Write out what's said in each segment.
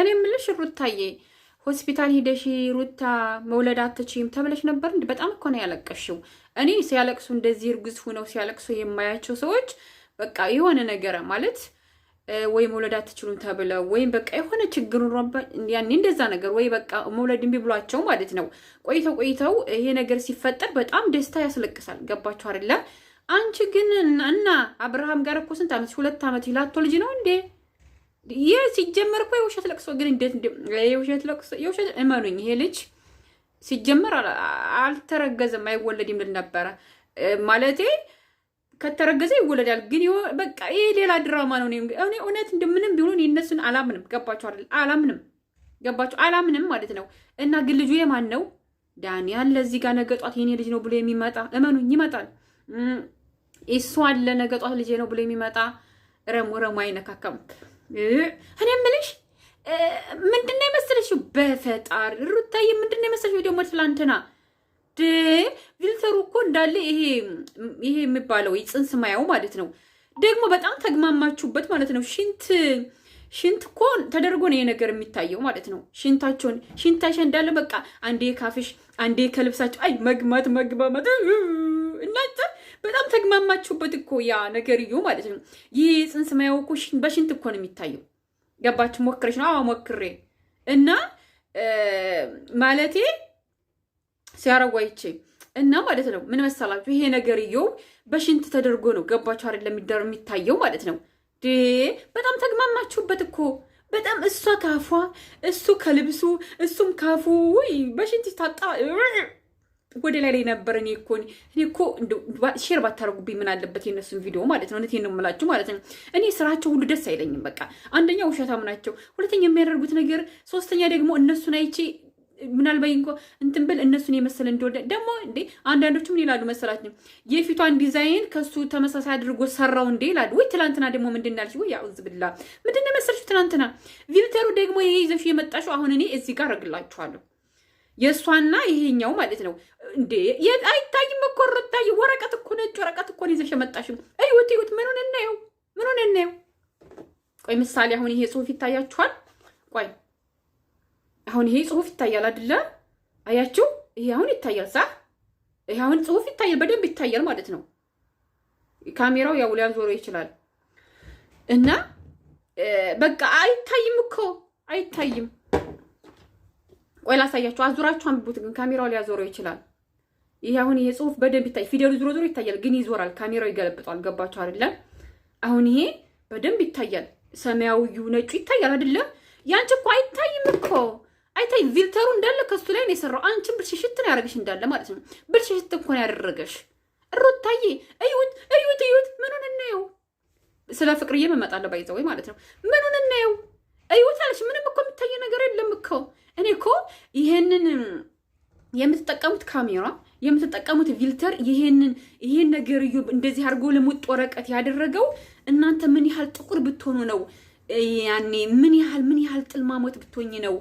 እኔ ምልሽ ሩታዬ ሆስፒታል ሂደሽ ሩታ መውለድ አትችይም ተብለሽ ነበር። እንዲ በጣም እኮ ነው ያለቀሽው። እኔ ሲያለቅሱ እንደዚህ እርጉዝ ሁነው ሲያለቅሱ የማያቸው ሰዎች በቃ የሆነ ነገር ማለት ወይ መውለድ አትችሉም ተብለው ወይም በቃ የሆነ ችግር ያኔ እንደዛ ነገር ወይ በቃ መውለድ እምቢ ብሏቸው ማለት ነው። ቆይተው ቆይተው ይሄ ነገር ሲፈጠር በጣም ደስታ ያስለቅሳል። ገባችሁ አይደለም? አንቺ ግን እና አብርሃም ጋር እኮ ስንት ዓመት ሁለት ዓመት ይላቶ ልጅ ነው እንዴ ይህ ሲጀመር እኮ የውሸት ለቅሶ ግን እንዴት የውሸት ለቅሶ የውሸት እመኑኝ፣ ይሄ ልጅ ሲጀመር አልተረገዘም አይወለድም ልል ነበረ። ማለቴ ከተረገዘ ይወለዳል፣ ግን በቃ ይህ ሌላ ድራማ ነው። እኔ እውነት እንደምንም ቢሆኑ የእነሱን አላምንም። ገባችሁ? አላምንም። ገባቸው አላምንም ማለት ነው። እና ግን ልጁ የማን ነው? ዳንያል ለዚህ ጋር ነገጧት የኔ ልጅ ነው ብሎ የሚመጣ እመኑኝ፣ ይመጣል። እሱ አለ ነገጧት ጧት ልጄ ነው ብሎ የሚመጣ ረሙ ረሙ አይነካከም። እኔ የምልሽ ምንድን ነው የመሰለሽው? በፈጣሪ ሩታዬ ምንድን ነው የመሰለሽው? ደግሞ ትላንትና ቪልተሩ እኮ እንዳለ ይሄ ይሄ የሚባለው ጽንስ ማያው ማለት ነው። ደግሞ በጣም ተግማማችሁበት ማለት ነው። ሽንት ሽንት እኮ ተደርጎ ነው ይሄ ነገር የሚታየው ማለት ነው። ሽንታቸውን ሽንታሽ እንዳለ በቃ አንዴ ካፍሽ አንዴ ከልብሳቸው አይ መግማት መግባማት እናንተ በጣም ተግማማችሁበት እኮ ያ ነገርዮ ማለት ነው። ይህ ፅንስ መያው እኮ በሽንት እኮ ነው የሚታየው። ገባችሁ? ሞክረች ነው? አዎ ሞክሬ እና ማለቴ አይቼ እና ማለት ነው ምን መሰላችሁ፣ ይሄ ነገርዮ በሽንት ተደርጎ ነው። ገባችሁ አይደለም? የሚታየው ማለት ነው። በጣም ተግማማችሁበት እኮ በጣም እሷ ካፏ፣ እሱ ከልብሱ፣ እሱም ካፉ በሽንት ታጣ ወደ ላይ ላይ ነበር። እኔ እኮ እኔ እኮ ሼር ባታረጉብኝ ምን አለበት የነሱን ቪዲዮ ማለት ነው። እውነቴን ነው የምላችሁ ማለት ነው። እኔ ስራቸው ሁሉ ደስ አይለኝም። በቃ አንደኛ ውሸታም ናቸው፣ ሁለተኛ የሚያደርጉት ነገር፣ ሶስተኛ ደግሞ እነሱን አይቼ ምናልባት እንኳ እንትን ብል እነሱን የመሰለ እንደወደ ደግሞ እንዴ አንዳንዶቹ ምን ይላሉ መሰላችሁ የፊቷን ዲዛይን ከሱ ተመሳሳይ አድርጎ ሰራው እንዴ ይላሉ። ወይ ትላንትና ደግሞ ምንድን አልሽ? ወይ አውዝ ብላ ምንድን መሰልሽ? ትናንትና ቪልተሩ ደግሞ ይሄ ይዘሽ የመጣሽው አሁን እኔ እዚህ ጋር አረግላችኋለሁ የእሷና ይሄኛው ማለት ነው እንዴ! አይታይም እኮ ሩታዬ፣ ወረቀት እኮ ነጭ ወረቀት እኮ ነው ይዘሽ የመጣሽው። እዩት እዩት፣ ምኑን እናየው? ምኑን እናየው? ቆይ ምሳሌ፣ አሁን ይሄ ጽሁፍ ይታያችኋል? ቆይ አሁን ይሄ ጽሁፍ ይታያል አይደለ? አያችሁ? ይሄ አሁን ይታያል ሳ ይሄ አሁን ጽሁፍ ይታያል፣ በደንብ ይታያል ማለት ነው። ካሜራው ያው ሊያዞሮ ይችላል እና በቃ አይታይም እኮ አይታይም። ቆይ ላሳያችሁ። አዙራችሁ አንብቡት። ግን ካሜራው ሊያዞረው ይችላል። ይሄ አሁን ይሄ ጽሁፍ በደንብ ይታያል። ፊደሉ ዞሮ ዞሮ ይታያል፣ ግን ይዞራል። ካሜራው ይገለብጣል ገባችሁ አይደለም? አሁን ይሄ በደንብ ይታያል። ሰማያዊው ነጩ ይታያል አይደለም? ያንቺ እኮ አይታይም እኮ አይታይ ቪልተሩ እንዳለ ከሱ ላይ ነው የሰራው። አንቺን ብልሽሽት ነው ያደረገሽ እንዳለ ማለት ነው። ብልሽሽት እኮ ነው ያደረገሽ። ሩታዬ እዩት፣ እዩት፣ እዩት። ምኑን እናየው? ስለ ፍቅርዬ መመጣለሁ ባይዘው ማለት ነው። ምኑን እናየው? እዩት አለሽ። ምንም እኮ የምታየ ነገር የለም እኮ እኔ እኮ ይሄንን የምትጠቀሙት ካሜራ የምትጠቀሙት ቪልተር ይሄንን ይሄን ነገር እዩ እንደዚህ አድርጎ ልሙጥ ወረቀት ያደረገው እናንተ ምን ያህል ጥቁር ብትሆኑ ነው? ያኔ ምን ያህል ምን ያህል ጥልማሞት ብትሆኝ ነው?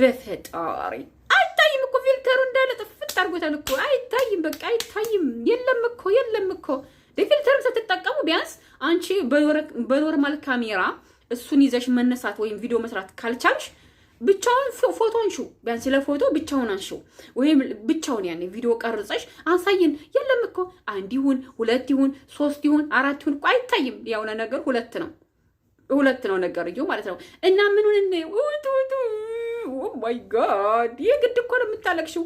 በፈጣሪ አይታይም እኮ ፊልተሩ እንዳለ ጥፍት አድርጎታል እኮ አይታይም። በቃ አይታይም። የለም እኮ የለም እኮ በፊልተርም ስትጠቀሙ ቢያንስ አንቺ በኖርማል ካሜራ እሱን ይዘሽ መነሳት ወይም ቪዲዮ መስራት ካልቻልሽ ብቻውን ፎቶ አንሹ፣ ቢያንስ ለፎቶ ብቻውን አንሹ፣ ወይም ብቻውን ያኔ ቪዲዮ ቀርጸሽ አሳይን። የለም እኮ አንድ ይሁን ሁለት ይሁን ሶስት ይሁን አራት ይሁን አይታይም። የሆነ ነገር ሁለት ነው ሁለት ነው ነገር እዩ ማለት ነው። እና ምኑን ማይ ጋድ የግድ እኮ ነው የምታለቅሽው።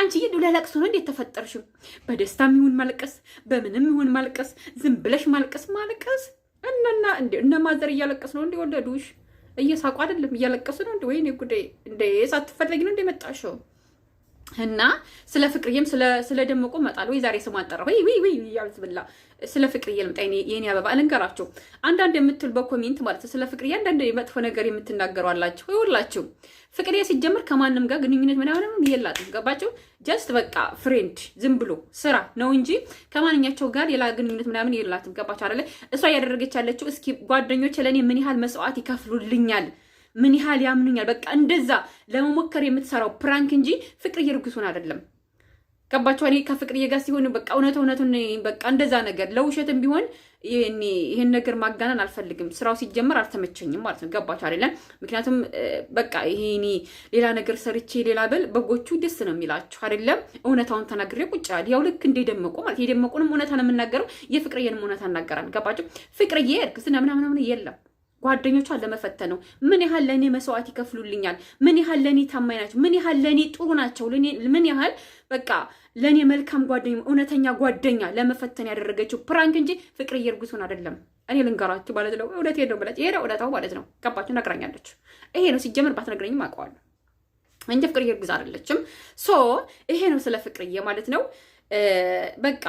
አንቺ ይድ ለለቅሶ ነው እንዴት ተፈጠርሽው? በደስታም ይሁን ማልቀስ፣ በምንም ይሁን ማልቀስ፣ ዝም ብለሽ ማልቀስ ማልቀስ እነና እንደ እነ ማዘር እያለቀስ ነው እንደ እየሳቁ አይደለም እያለቀሱ ነው። እንደ ወይኔ ጉዳይ እንደ ሳትፈለጊ ነው እንደመጣሽው እና ስለ ፍቅርዬም ስለ ደመቆ መጣል ወይ ዛሬ ስሟን ጠራ ወይ ወይ ያሉት ብላ ስለ ፍቅርዬ ልምጣ የኔ አበባ ልንገራችሁ። አንዳንድ የምትል በኮሜንት ማለት ስለ ፍቅርዬ አንዳንድ መጥፎ ነገር የምትናገሩ አላችሁ። ወይ ይኸውላችሁ ፍቅርዬ ሲጀምር ከማንም ጋር ግንኙነት ምናምንም የላትም። ገባችሁ? ጀስት በቃ ፍሬንድ ዝም ብሎ ስራ ነው እንጂ ከማንኛቸው ጋር ሌላ ግንኙነት ምናምን የላትም። ገባችሁ አይደለ? እሷ እያደረገች ያለችው እስኪ ጓደኞች ለእኔ ምን ያህል መስዋዕት ይከፍሉልኛል ምን ያህል ያምኑኛል። በቃ እንደዛ ለመሞከር የምትሰራው ፕራንክ እንጂ ፍቅርዬ ሆን አይደለም። ገባችኋል? እኔ ከፍቅርዬ ጋር ሲሆን በቃ እውነት እውነቱን በቃ እንደዛ ነገር ለውሸትም ቢሆን ይህን ነገር ማጋነን አልፈልግም። ስራው ሲጀመር አልተመቸኝም ማለት ነው። ገባችሁ አይደለም? ምክንያቱም በቃ ይሄ ሌላ ነገር ሰርቼ ሌላ ብል በጎቹ ደስ ነው የሚላችሁ አይደለም? እውነታውን ተናግሬ ቁጭ ያል ያው ልክ እንደ ደመቁ ማለት የደመቁንም እውነታ ነው የምናገረው፣ የፍቅርዬንም እውነታ እናገራል። ገባችሁ? ፍቅርዬ እርግዝና ምናምን የለም ጓደኞቿን ለመፈተን ነው። ምን ያህል ለእኔ መስዋዕት ይከፍሉልኛል፣ ምን ያህል ለእኔ ታማኝ ናቸው፣ ምን ያህል ለእኔ ጥሩ ናቸው፣ ምን ያህል በቃ ለእኔ መልካም ጓደኛ፣ እውነተኛ ጓደኛ ለመፈተን ያደረገችው ፕራንክ እንጂ ፍቅር እየርጉትን አይደለም። እኔ ልንገራችሁ ማለት ነው። እውነቴን ነው ብላችሁ ይሄ እውነታው ማለት ነው። ገባችሁ? ነግራኛለች። ይሄ ነው ሲጀምር፣ ባትነግረኝም አውቀዋለሁ እንጂ ፍቅርዬ እየርጉዝ አይደለችም። ሶ ይሄ ነው ስለ ፍቅርዬ ማለት ነው። በቃ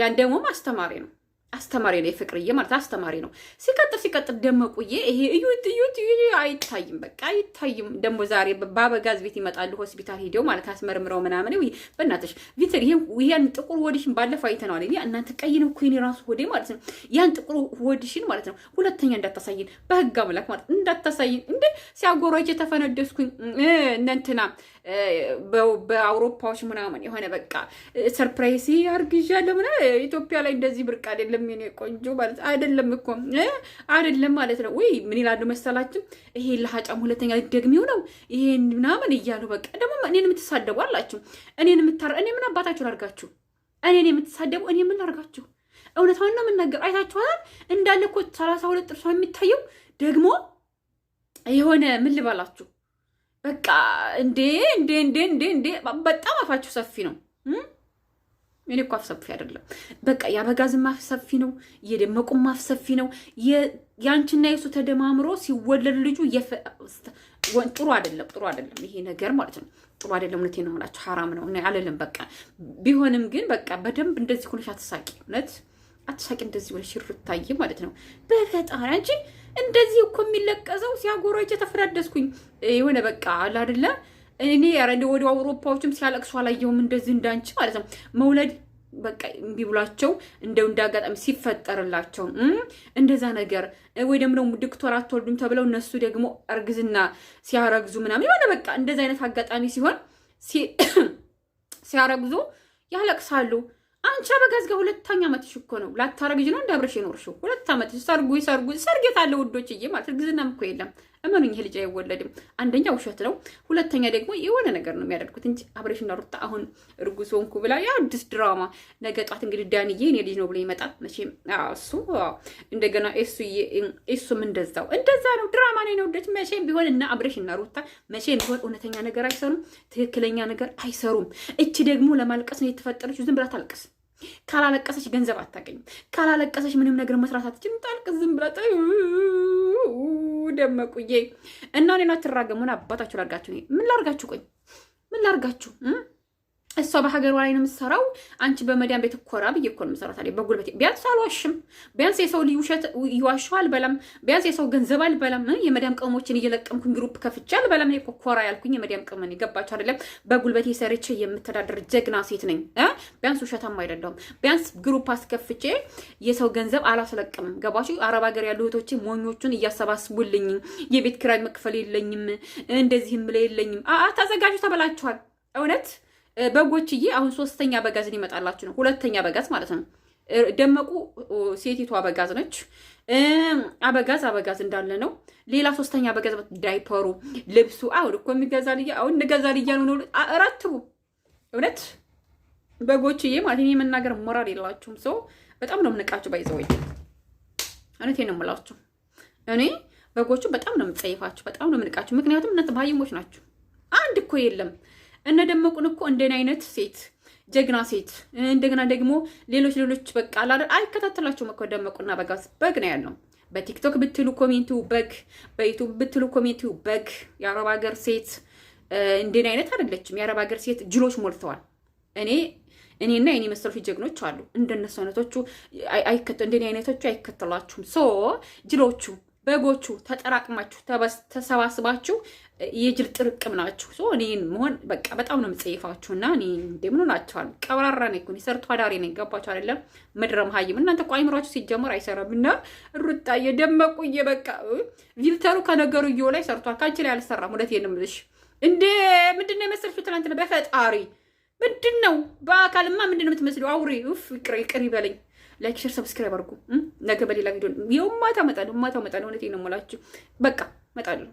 ያን ደግሞ ማስተማሪ ነው። አስተማሪ ነው የፍቅርዬ ማለት አስተማሪ ነው። ሲቀጥል ሲቀጥል ደመቁዬ ይሄ እዩት እዩት አይታይም፣ በቃ አይታይም። ደግሞ ዛሬ በአበጋዝ ቤት ይመጣሉ ሆስፒታል ሄደው ማለት አስመርምረው ምናምን። በእናትሽ ቪትር ይሄን ጥቁር ወዲሽን ባለፈው አይተነዋል። እናንተ ቀይ ነው እኮ የኔ ራሱ ሆዴ ማለት ነው። ያን ጥቁር ወዲሽን ማለት ነው ሁለተኛ እንዳታሳይን፣ በህግ አምላክ ማለት እንዳታሳይን። እንዴ ሲያጎራጅ የተፈነደስኩኝ እነንትና በአውሮፓዎች ምናምን የሆነ በቃ ሰርፕራይዝ አርግዣለሁ ምና ኢትዮጵያ ላይ እንደዚህ ብርቅ አይደለም አይደለም የኔ ቆንጆ ማለት አይደለም እኮ አይደለም ማለት ነው። ወይ ምን ይላሉ መሰላችሁ? ይሄ ለሀጫም ሁለተኛ ደግሚው ነው ይሄን ምናምን እያሉ በቃ ደግሞ እኔን የምትሳደቡ አላችሁ። እኔን የምታረ እኔ ምን አባታችሁ ላርጋችሁ? እኔን የምትሳደቡ እኔ ምን ላርጋችሁ? እውነቷን ነው የምናገር። አይታችኋታል እንዳለ እኮ ሰላሳ ሁለት ጥርሷ የሚታየው ደግሞ የሆነ ምን ልበላችሁ በቃ እንዴ እንዴ እንዴ እንዴ እንዴ በጣም አፋችሁ ሰፊ ነው። እኔ እኮ አፍሰፊ አይደለም። በቃ የአበጋዝ ማፍሰፊ ነው፣ የደመቁም ማፍሰፊ ነው። ያንቺና የሱ ተደማምሮ ሲወለድ ልጁ ጥሩ አይደለም፣ ጥሩ አይደለም። ይሄ ነገር ማለት ነው ጥሩ አይደለም። እውነቴን ነው የምላችሁ፣ ሀራም ነው አለልም። በቃ ቢሆንም ግን በቃ በደንብ እንደዚህ ሆነሽ አትሳቂ፣ እውነት አትሳቂ። እንደዚህ ሆነሽ ይርታይ ማለት ነው። በፈጣሪ አንቺ እንደዚህ እኮ የሚለቀዘው ሲያጎረጀ ተፈዳደስኩኝ የሆነ በቃ አለ አይደለ እኔ ኧረ እንደ ወደ አውሮፓዎችም ሲያለቅሱ አላየሁም እንደዚህ እንዳንቺ ማለት ነው መውለድ በቃ እምቢ ብሏቸው እንደው እንዳጋጣሚ ሲፈጠርላቸው እንደዛ ነገር ወይ ደግሞ ደግሞ ዶክተር አትወልዱም ተብለው እነሱ ደግሞ እርግዝና ሲያረግዙ ምናምን የሆነ በቃ እንደዚ አይነት አጋጣሚ ሲሆን ሲያረግዙ ያለቅሳሉ። አንቺ አበጋዝ ጋር ሁለተኛ ዓመትሽ እኮ ነው ላታረግጅ ነው እንዳብረሽ የኖርሽው ሁለት ዓመትሽ ሰርጉ ሰርጉ ሰርጌት አለ ውዶችዬ ማለት እርግዝናም እኮ የለም። እመኑኝ ይሄ ልጅ አይወለድም። አንደኛ ውሸት ነው፣ ሁለተኛ ደግሞ የሆነ ነገር ነው የሚያደርጉት እንጂ አብሬሽና ሩታ አሁን እርጉዝ ሆንኩ ብላ የአዲስ ድራማ ነገ ጧት እንግዲህ ዳንዬ እኔ ልጅ ነው ብሎ ይመጣል መቼም እሱ እንደገና እሱም እንደዛው እንደዛ ነው። ድራማ ነው ነውደች መቼም ቢሆን እና አብሬሽና ሩታ መቼም ቢሆን እውነተኛ ነገር አይሰሩም፣ ትክክለኛ ነገር አይሰሩም። እቺ ደግሞ ለማልቀስ ነው የተፈጠረችው። ዝም ብላ ታልቅስ ካላለቀሰች ገንዘብ አታገኝም። ካላለቀሰች ምንም ነገር መስራት አትችልም። ታልቅስ ዝም ብላ ደመቁዬ እና እኔና ትራገሙን አባታችሁ ላርጋችሁ። ምን ላርጋችሁ? ቆይ ምን ላርጋችሁ? እሷ በሀገሯ ላይ ነው የምትሰራው። አንቺ በመዳን ቤት ኮራ ብዬ እኮ ነው የምሰራው። በጉልበት ቢያንስ አልዋሽም። ቢያንስ የሰው ውሸት ይዋሸው አልበላም። ቢያንስ የሰው ገንዘብ አልበላም። የመዲያም ቅመሞችን እየለቀምኩኝ ግሩፕ ከፍቼ አልበላም። እኔ እኮ ኮራ ያልኩኝ የመዲያም ቅመን የገባቸው አይደለም። በጉልበት የሰርቼ የምተዳደር ጀግና ሴት ነኝ። ቢያንስ ውሸታም አይደለሁም። ቢያንስ ግሩፕ አስከፍቼ የሰው ገንዘብ አላስለቅምም። ገባችሁ? አረብ ሀገር ያሉ እህቶቼ ሞኞቹን እያሰባስቡልኝ። የቤት ኪራይ መክፈል የለኝም፣ እንደዚህም ለ የለኝም። ተዘጋጁ፣ ተበላችኋል። እውነት በጎችዬ አሁን ሶስተኛ በጋዝን ይመጣላችሁ ነው። ሁለተኛ በጋዝ ማለት ነው። ደመቁ ሴቲቱ አበጋዝ ነች። አበጋዝ አበጋዝ እንዳለ ነው። ሌላ ሶስተኛ አበጋዝ ዳይፐሩ፣ ልብሱ አሁን እኮ የሚገዛ ልያ አሁን እንገዛ ልያ ነው እረትቡ እውነት በጎችዬ ማለት እኔ የመናገር ሞራል የላችሁም። ሰው በጣም ነው የምንቃችሁ። ባይዘወይ እውነት ነው የምላችሁ እኔ በጎቹ በጣም ነው የምጸይፋችሁ፣ በጣም ነው የምንቃችሁ። ምክንያቱም እናንተ ባይሞች ናችሁ። አንድ እኮ የለም እነ ደመቁን እኮ እንደን አይነት ሴት ጀግና ሴት እንደገና ደግሞ ሌሎች ሌሎች በቃ አላደር አይከታተላቸውም እኮ ደመቁና በጋዝ በግ ነው ያለው። በቲክቶክ ብትሉ ኮሜንቲው በግ፣ በዩቱብ ብትሉ ኮሜንቲው በግ። የአረብ ሀገር ሴት እንደን አይነት አይደለችም። የአረብ ሀገር ሴት ጅሎች ሞልተዋል። እኔ እኔና የኔ መሰሎች ጀግኖች አሉ። እንደነሱ አይነቶቹ እንደኔ አይነቶቹ አይከተሏችሁም። ሶ ጅሎቹ በጎቹ ተጠራቅማችሁ ተሰባስባችሁ የጅል ጥርቅም ናችሁ። እኔን መሆን በቃ በጣም ነው የምጸይፋችሁ። እና እኔ እንደምን ናቸዋል። ቀብራራ ነኝ እኮ እኔ ሰርቶ አዳሪ ነኝ። ገባችሁ አይደለም? ምድረ መሀይም እናንተ እኮ አይምሯችሁ ሲጀምር አይሰራም። እና ሩጣ የደመቁ እየበቃ ቪልተሩ ከነገሩ ከነገሩየው ላይ ሰርቷል። ከአንቺ ላይ አልሰራም። ሁለት ነው የምልሽ። እንዴ ምንድን ነው የመሰልሽው? ትናንትና በፈጣሪ ምንድን ነው በአካልማ ምንድን ነው የምትመስለው? አውሬ ፍቅር ይቅር ይበለኝ። ላይክ፣ ሸር፣ ሰብስክራይብ አድርጉ። ነገ በሌላ ቪዲዮ የውማታ መጣለሁ፣ የውማታ መጣለሁ። እውነቴን ነው የምላችሁ። በቃ መጣለሁ።